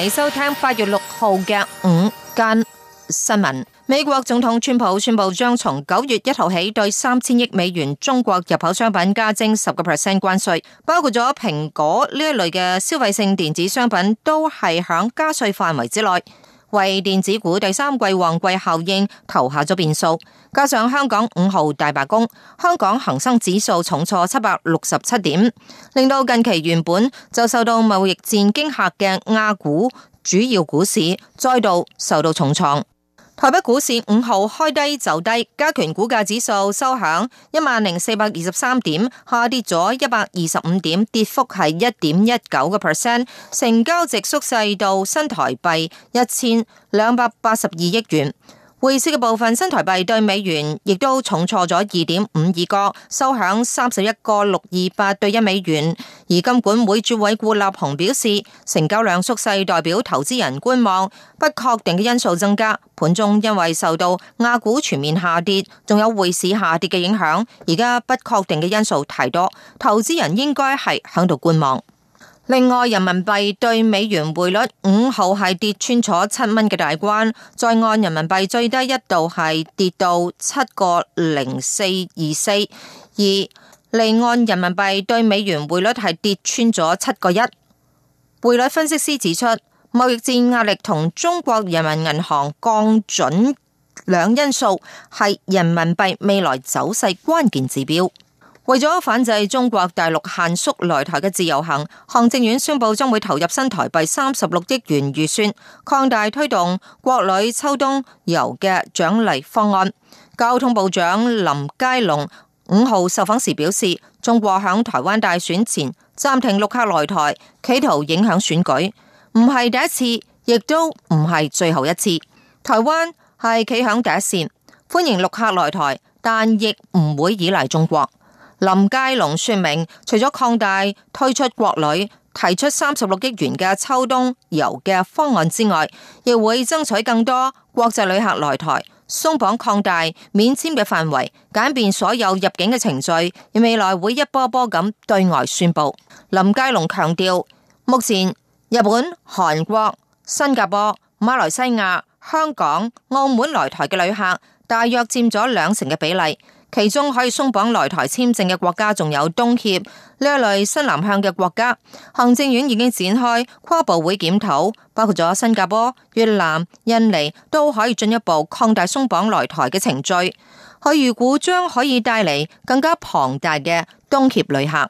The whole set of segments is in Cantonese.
你收聽八月六號嘅午間新聞。美國總統川普宣布將從九月一號起對三千億美元中國入口商品加徵十個 percent 關稅，包括咗蘋果呢一類嘅消費性電子商品都係響加稅範圍之內。為電子股第三季旺季效應投下咗變數，加上香港五號大罷工，香港恒生指數重挫七百六十七點，令到近期原本就受到貿易戰驚嚇嘅亞股主要股市再度受到重創。台北股市五號開低就低，加權股價指數收響一萬零四百二十三點，下跌咗一百二十五點，跌幅係一點一九個 percent，成交值縮細到新台幣一千兩百八十二億元。匯市嘅部分，新台幣對美元亦都重挫咗二點五二角，收響三十一個六二八對一美元。而金管會主委顧立雄表示，成交量縮細，代表投資人觀望，不確定嘅因素增加。盤中因為受到亞股全面下跌，仲有匯市下跌嘅影響，而家不確定嘅因素太多，投資人應該係響度觀望。另外，人民幣對美元匯率五號係跌穿咗七蚊嘅大關，在岸人民幣最低一度係跌到七個零四二四二，離岸人民幣對美元匯率係跌穿咗七個一。匯率分析師指出，貿易戰壓力同中國人民銀行降準兩因素係人民幣未來走勢關鍵指標。為咗反制中國大陸限縮來台嘅自由行，行政院宣布將會投入新台幣三十六億元預算，擴大推動國旅秋冬遊嘅獎勵方案。交通部長林佳龍五號受訪時表示，中國響台灣大選前暫停陸客來台，企圖影響選舉，唔係第一次，亦都唔係最後一次。台灣係企響第一線，歡迎陸客來台，但亦唔會依賴中國。林佳龍說明，除咗擴大推出國旅，提出三十六億元嘅秋冬遊嘅方案之外，亦會爭取更多國際旅客來台，鬆綁擴大免簽嘅範圍，簡便所有入境嘅程序，而未來會一波波咁對外宣布。林佳龍強調，目前日本、韓國、新加坡、馬來西亞、香港、澳門來台嘅旅客，大約佔咗兩成嘅比例。其中可以鬆綁來台簽證嘅國家，仲有東協呢一類新南向嘅國家。行政院已經展開跨部會檢討，包括咗新加坡、越南、印尼，都可以進一步擴大鬆綁來台嘅程序。去預估將可以帶嚟更加龐大嘅東協旅客。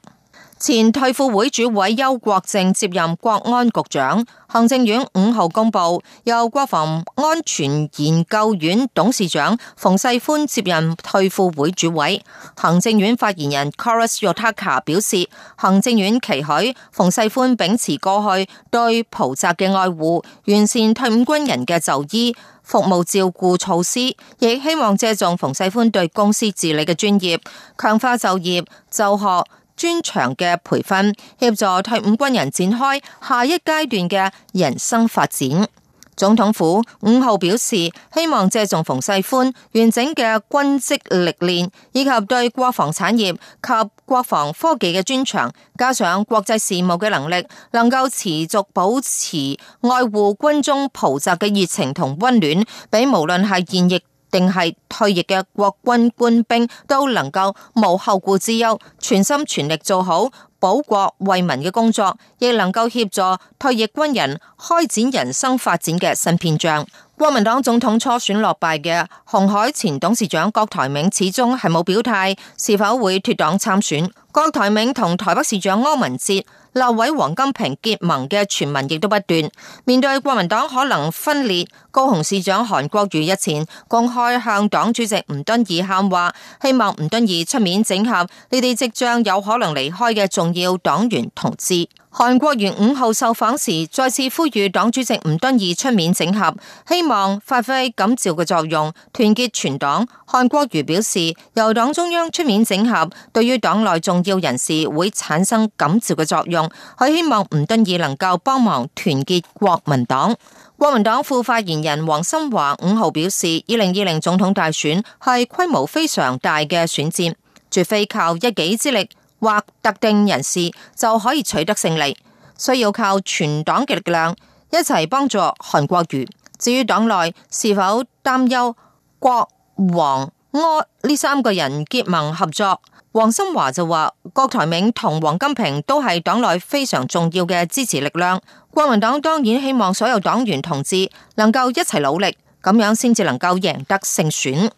前退輔會主委邱國正接任國安局長，行政院五號公布，由國防安全研究院董事長馮世寬接任退輔會主委。行政院發言人 Kolas Yotaka 表示，行政院期許馮世寬秉持過去對袍澤嘅愛護，完善退伍軍人嘅就醫服務照顧措施，亦希望借重馮世寬對公司治理嘅專業，強化就業就學，專長嘅培訓，協助退伍軍人展開下一階段嘅人生發展。總統府五號表示，希望借重馮世寬完整嘅軍職歷練，以及對國防產業及國防科技嘅專長，加上國際事務嘅能力，能夠持續保持愛護軍中袍澤嘅熱情同温暖，俾無論係現役。定係退役嘅國軍官兵都能夠無後顧之憂，全心全力做好保國衛民嘅工作，亦能夠協助退役軍人開展人生發展嘅新篇章。國民黨總統初選落敗嘅鴻海前董事長郭台銘始終係冇表態是否會脫黨參選。郭台銘同台北市長柯文哲、立委王金平結盟嘅傳聞亦都不斷。面對國民黨可能分裂，高雄市長韓國瑜日前公開向黨主席吳敦義喊話，希望吳敦義出面整合呢啲即將有可能離開嘅重要黨員同志。韓國瑜五號受訪時再次呼籲黨主席吳敦義出面整合，希望發揮感召嘅作用，團結全黨。韓國瑜表示，由黨中央出面整合，對於黨內重要人士會產生感召嘅作用。佢希望吳敦義能夠幫忙團結國民黨。國民黨副發言人黃心華五號表示，二零二零總統大選係規模非常大嘅選戰，絕非靠一己之力，或特定人士就可以取得勝利，需要靠全黨嘅力量一齊幫助韓國瑜。至於黨內是否擔憂郭王柯呢三個人結盟合作，黃心華就話郭台銘同王金平都係黨內非常重要嘅支持力量。國民黨當然希望所有黨員同志能夠一齊努力，咁樣先至能夠贏得勝選。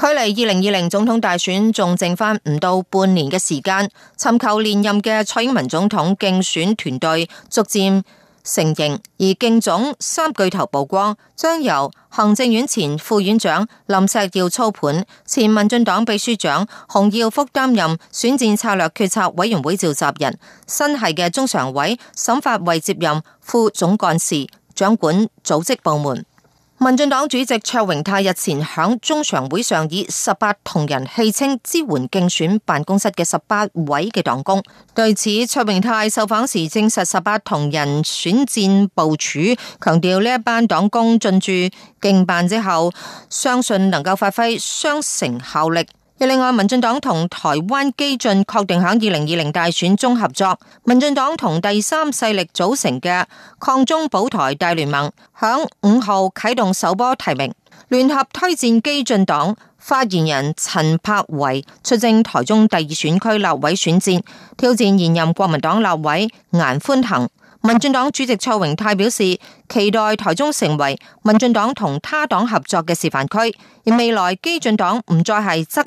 距離二零二零總統大選仲剩翻唔到半年嘅時間，尋求連任嘅蔡英文總統競選團隊逐漸成型，而競總三巨頭曝光，將由行政院前副院長林錫耀操盤，前民進黨秘書長洪耀福擔任選戰策略決策委員會召集人，新系嘅中常委沈發惠接任副總幹事，掌管組織部門。民進黨主席卓榮泰日前響中常會上以十八銅人戲稱支援競選辦公室嘅十八位嘅黨工，對此卓榮泰受訪時證實十八銅人選戰部署，強調呢一班黨工進駐競辦之後，相信能夠發揮雙成效力。另外，民進黨同台灣基進確定喺二零二零大選中合作。民進黨同第三勢力組成嘅抗中保台大聯盟，喺五號啟動首波提名，聯合推薦基進黨發言人陳柏惟出征台中第二選區立委選戰，挑戰現任國民黨立委顏寬恒。民進黨主席蔡榮泰表示，期待台中成為民進黨同他黨合作嘅示範區，而未來基進黨唔再係側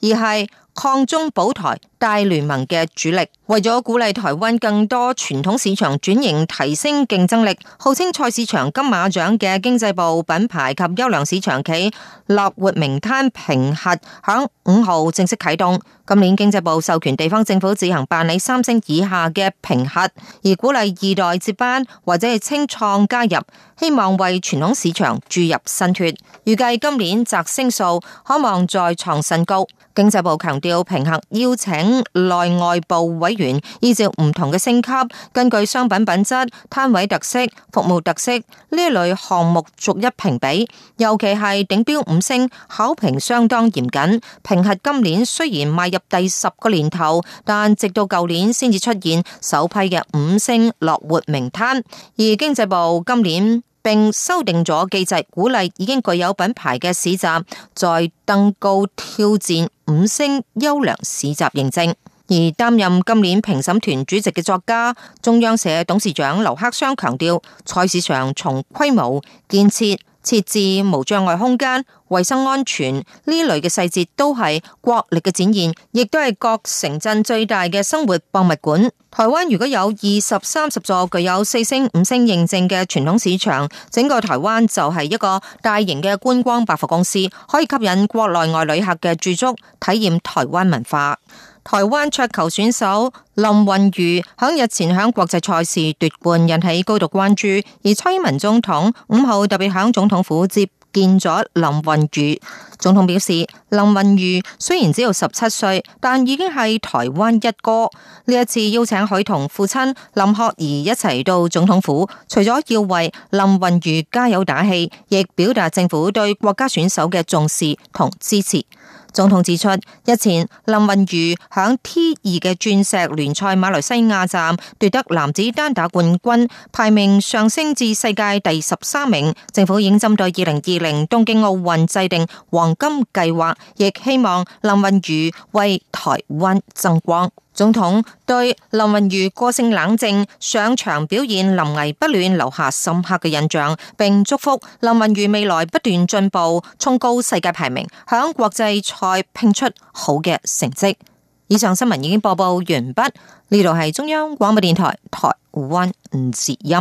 翼，而係。抗中保台大聯盟嘅主力。為咗鼓勵台灣更多傳統市場轉型提升，競爭力號稱菜市場金馬獎嘅經濟部品牌及優良市場企樂活名攤評核響五號正式啟動。今年經濟部授權地方政府自行辦理三星以下嘅評核，而鼓勵二代接班或者係青創加入，希望為傳統市場注入新血。預計今年摘星數可望再創新高。經濟部強調。要評核邀請內外部委員，依照唔同嘅星級，根據商品品質、攤位特色、服務特色呢一類項目逐一評比。尤其係頂標五星考評相當嚴謹。評核今年雖然邁入第十個年頭，但直到舊年先至出現首批嘅五星樂活名攤。而經濟部今年並修訂咗機制，鼓勵已經具有品牌嘅市集再登高挑戰。五星優良市集認證，而擔任今年評審團主席嘅作家、中央社董事長劉克襄強調，菜市場從規模建設，設置無障礙空間、衛生安全呢類嘅細節都係國力嘅展現，亦都係各城鎮最大嘅生活博物館。台灣如果有二十三十座具有四星、五星認證嘅傳統市場，整個台灣就係一個大型嘅觀光百貨公司，可以吸引國內外旅客嘅駐足，體驗台灣文化。台灣桌球選手林昀儒響日前響國際賽事奪冠，引起高度關注。而蔡英文總統五號特別響總統府接見咗林昀儒。總統表示，林昀儒雖然只有十七歲，但已經係台灣一哥。呢一次邀請佢同父親林學儀一齊到總統府，除咗要為林昀儒加油打氣，亦表達政府對國家選手嘅重視同支持。總統指出，日前林昀儒響 T 二嘅鑽石聯賽馬來西亞站奪得男子單打冠軍，排名上升至世界第十三名。政府已經針對二零二零東京奧運制定黃金計劃，亦希望林昀儒為台灣爭光。總統對林雲如個性冷靜、上場表現臨危不亂留下深刻嘅印象，並祝福林雲如未來不斷進步，衝高世界排名，向國際賽拼出好嘅成績。以上新聞已經播報完畢，呢度係中央廣播電台台灣吳哲音。